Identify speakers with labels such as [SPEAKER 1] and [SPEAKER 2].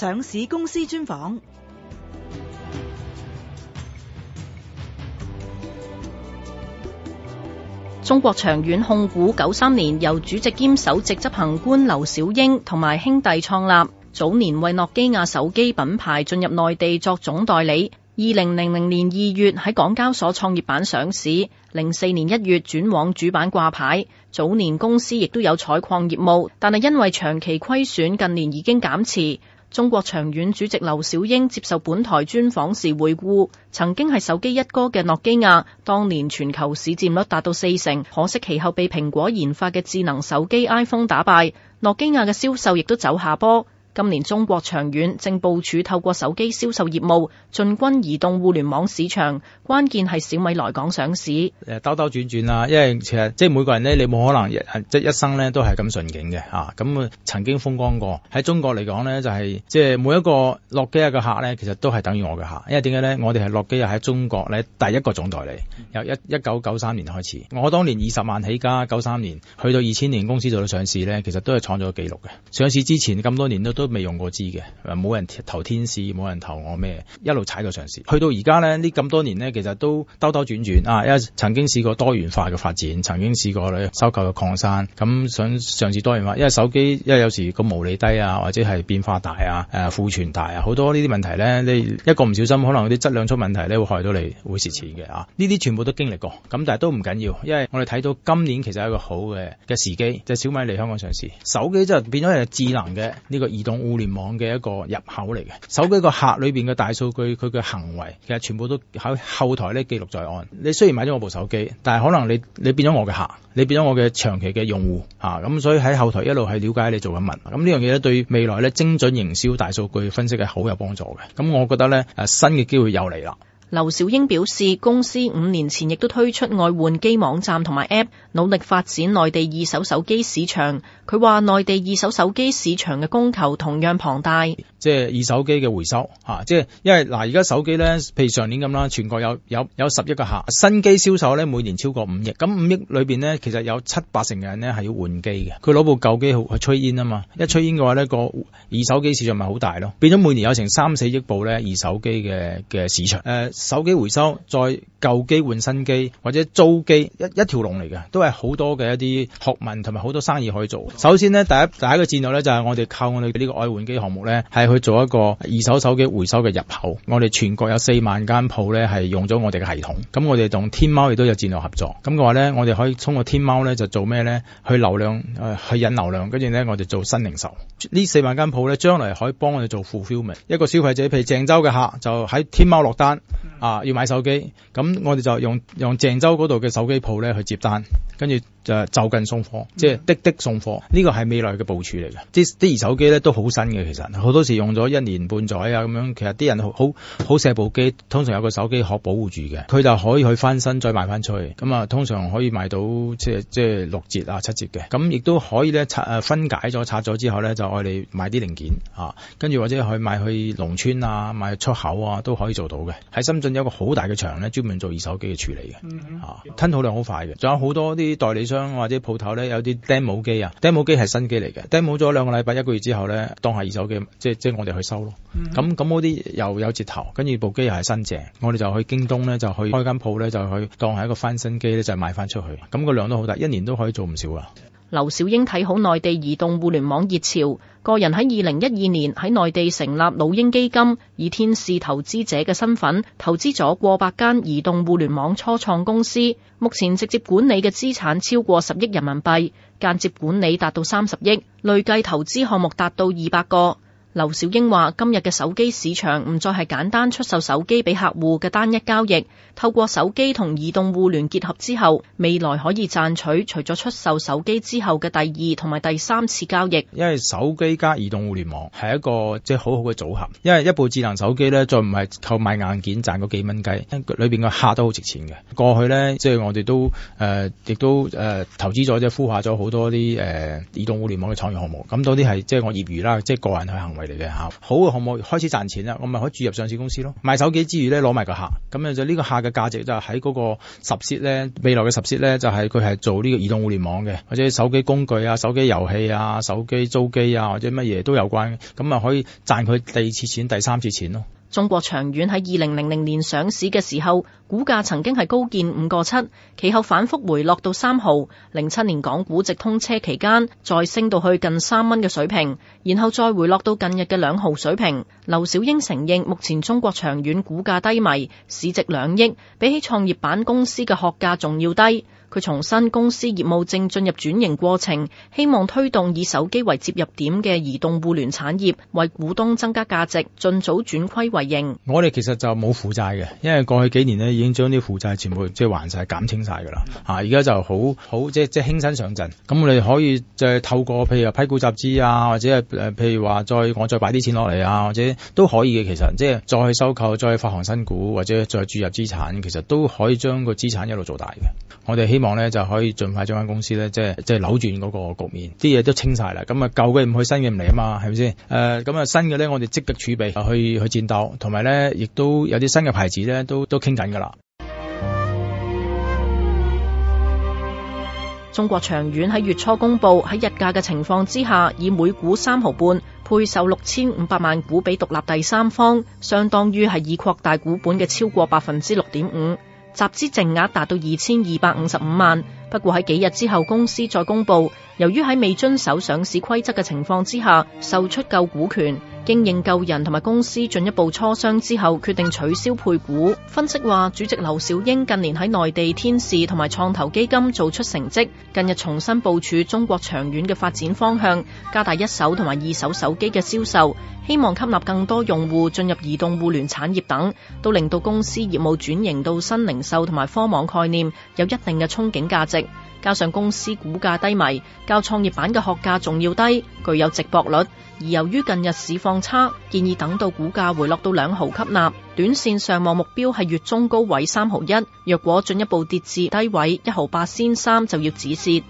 [SPEAKER 1] 上市公司專訪：中國長遠控股九三年由主席兼首席執行官劉小鷹同埋兄弟創立，早年為諾基亞手機品牌進入內地作總代理。二零零零年二月喺港交所創業板上市，零四年一月轉往主板掛牌。早年公司亦都有採礦業務，但係因為長期虧損，近年已經減持。中國長遠主席劉小鷹接受本台專訪時回顧，曾經係手機一哥嘅諾基亞，當年全球市佔率達到四成，可惜其後被蘋果研發嘅智能手機 iPhone 打敗，諾基亞嘅銷售亦都走下坡。今年中國長遠正部署透過手機銷售業務進軍移動互聯網市場，關鍵係小米來港上市。
[SPEAKER 2] 兜兜轉轉啦，因為其實即係每個人呢，你冇可能即一,一生呢都係咁順境嘅吓。咁啊，曾經風光過喺中國嚟講呢，就係即係每一個諾基亞嘅客呢，其實都係等於我嘅客。因為點解呢？我哋係諾基亞喺中國呢，第一個總代理，由一一九九三年開始。我當年二十萬起家，九三年去到二千年公司做到上市呢，其實都係創咗個紀錄嘅。上市之前咁多年都。都未用過支嘅，冇人投天使，冇人投我咩，一路踩過上市。去到而家呢，呢咁多年呢，其實都兜兜轉轉，轉，轉啊。因為曾經試過多元化嘅發展，曾經試過收購嘅礦山，咁想嘗試多元化。因為手機，因為有時個毛利低啊，或者係變化大啊，誒、啊、庫存大啊，好多呢啲問題呢，你一個唔小心，可能啲質量出問題咧，會害到你會蝕錢嘅啊。呢啲全部都經歷過，咁但係都唔緊要，因為我哋睇到今年其實係一個好嘅嘅時機，就是、小米嚟香港上市，手機就變咗係智能嘅呢、這個移動。用互聯網嘅一個入口嚟嘅，手機個客裏邊嘅大數據，佢嘅行為其實全部都喺後台咧記錄在案。你雖然買咗我部手機，但係可能你你變咗我嘅客，你變咗我嘅長期嘅用戶啊，咁所以喺後台一路係了解你做緊乜，咁呢樣嘢咧，對未來咧精準營銷、大數據分析係好有幫助嘅。咁我覺得咧，誒、啊、新嘅機會又嚟啦。
[SPEAKER 1] 劉小鷹表示，公司五年前亦都推出外換機網站同埋 App，努力發展內地二手手機市場。佢話內地二手手機市場嘅供求同樣龐大。
[SPEAKER 2] 即係二手機嘅回收，吓、啊，即係因為嗱，而、啊、家手機咧，譬如上年咁啦，全國有有有十億個客，新機銷售咧每年超過五億，咁五億裏邊咧，其實有七八成嘅人咧係要換機嘅，佢攞部舊機去去吹煙啊嘛，一吹煙嘅話咧，個二手機市場咪好大咯，變咗每年有成三四億部咧二手機嘅嘅市場，誒、呃，手機回收再舊機換新機或者租機一一條龍嚟嘅，都係好多嘅一啲學問同埋好多生意可以做。首先咧第一第一個戰略咧就係、是、我哋靠我哋呢個愛換機項目咧係。去做一個二手手機回收嘅入口，我哋全國有四萬間鋪咧係用咗我哋嘅系統，咁我哋同天貓亦都有戰略合作，咁嘅話咧，我哋可以通過天貓咧就做咩咧？去流量、呃，去引流量，跟住咧我哋做新零售。呢四萬間鋪咧，將來可以幫我哋做 fulfillment。一個消費者，譬如鄭州嘅客，就喺天貓落單，嗯、啊，要買手機，咁我哋就用用鄭州嗰度嘅手機鋪咧去接單，跟住就就近送貨，嗯、即係滴滴送貨。呢個係未來嘅部署嚟嘅，啲啲二手機咧都好新嘅，其實好多時。用咗一年半載啊，咁樣其實啲人好好錫部機，通常有個手機殼保護住嘅，佢就可以去翻新再賣翻出去。咁啊通常可以賣到即係即係六折啊七折嘅，咁亦都可以咧拆誒分解咗拆咗之後咧就愛你賣啲零件啊，跟住或者可以賣去農村啊賣出口啊都可以做到嘅。喺深圳有個好大嘅場咧，專門做二手機嘅處理嘅啊，吞吐量好快嘅，仲有好多啲代理商或者鋪頭咧有啲 demo 機啊，demo 機係新機嚟嘅，demo 咗兩個禮拜一個月之後咧當係二手機，即係我哋去收咯，咁咁嗰啲又有折頭，跟住部機又係新淨，我哋就去京東呢就去開間鋪呢就去當係一個翻新機呢就賣翻出去。咁個量都好大，一年都可以做唔少啊。
[SPEAKER 1] 劉小鷹睇好內地移動互聯網熱潮，個人喺二零一二年喺內地成立老鷹基金，以天使投資者嘅身份投資咗過百間移動互聯網初創公司。目前直接管理嘅資產超過十億人民幣，間接管理達到三十億，累計投資項目達到二百個。劉小鷹話：今日嘅手機市場唔再係簡單出售手機俾客戶嘅單一交易。透過手機同移動互聯結合之後，未來可以賺取除咗出售手機之後嘅第二同埋第三次交易。因為手機加移動互聯
[SPEAKER 2] 網係一個即係、就是、好好嘅組合。因為一部智能手機呢，再唔係購買硬件賺嗰幾蚊雞，裏邊個客都好值錢嘅。過去呢，即、就、係、是、我哋都誒，亦、呃、都誒、呃，投資咗即孵化咗好多啲誒、呃，移動互聯網嘅創業項目。咁多啲係即係我業餘啦，即、就、係、是、個人去行為。嚟嘅嚇，好嘅項目開始賺錢啦，我咪可以注入上市公司咯。賣手機之餘咧，攞埋個客，咁樣就呢個客嘅價值就喺嗰個十世咧。未來嘅十世咧，就係佢係做呢個移動互聯網嘅，或者手機工具啊、手機遊戲啊、手機租機啊，或者乜嘢都有關，咁咪可以賺佢第二次錢、第三次錢咯。
[SPEAKER 1] 中國長遠喺二零零零年上市嘅時候，股價曾經係高見五個七，其後反復回落到三毫。零七年港股直通車期間，再升到去近三蚊嘅水平，然後再回落到近日嘅兩毫水平。劉小鷹承認，目前中國長遠股價低迷，市值兩億，比起創業板公司嘅殼價仲要低。佢重申公司業務正進入轉型過程，希望推動以手機為接入點嘅移動互聯產業，為股東增加價值，盡早轉虧為盈。
[SPEAKER 2] 我哋其實就冇負債嘅，因為過去幾年咧已經將啲負債全部即係還晒，就是，減清晒噶啦。啊，而家就好好即係即係輕身上陣。咁我哋可以即係透過譬如話批股集資啊，或者係誒，譬如話再我再擺啲錢落嚟啊，或者都可以嘅。其實即係，就是，再收購，再發行新股或者再注入資產，其實都可以將個資產一路做大嘅。我哋希希望咧就可以盡快將間公司咧，即係即係扭轉嗰個局面。啲嘢都清晒啦，咁啊舊嘅唔去，新嘅唔嚟啊嘛，係咪先？誒、呃，咁啊新嘅咧，我哋積極儲備去去戰鬥，同埋咧亦都有啲新嘅牌子咧，都
[SPEAKER 1] 都傾緊噶啦。中國長遠喺月初公布喺日價嘅情況之下，以每股三毫半配售六千五百萬股俾獨立第三方，相當於係已擴大股本嘅超過百分之六點五。集資淨額達到二千二百五十五萬，不過喺幾日之後，公司再公佈，由於喺未遵守上市規則嘅情況之下，售出舊股權。經應救人同埋公司進一步磋商之後，決定取消配股。分析話，主席劉小鷹近年喺內地天使同埋創投基金做出成績，近日重新部署中國長遠嘅發展方向，加大一手同埋二手手機嘅銷售，希望吸納更多用戶進入移動互聯產業等，都令到公司業務轉型到新零售同埋科網概念，有一定嘅憧憬價值。加上公司股價低迷，較創業板嘅學價仲要低，具有值博率。而由於近日市況差，建議等到股價回落到兩毫吸納，短線上望目標係月中高位三毫一。若果進一步跌至低位一毫八先三就要止蝕。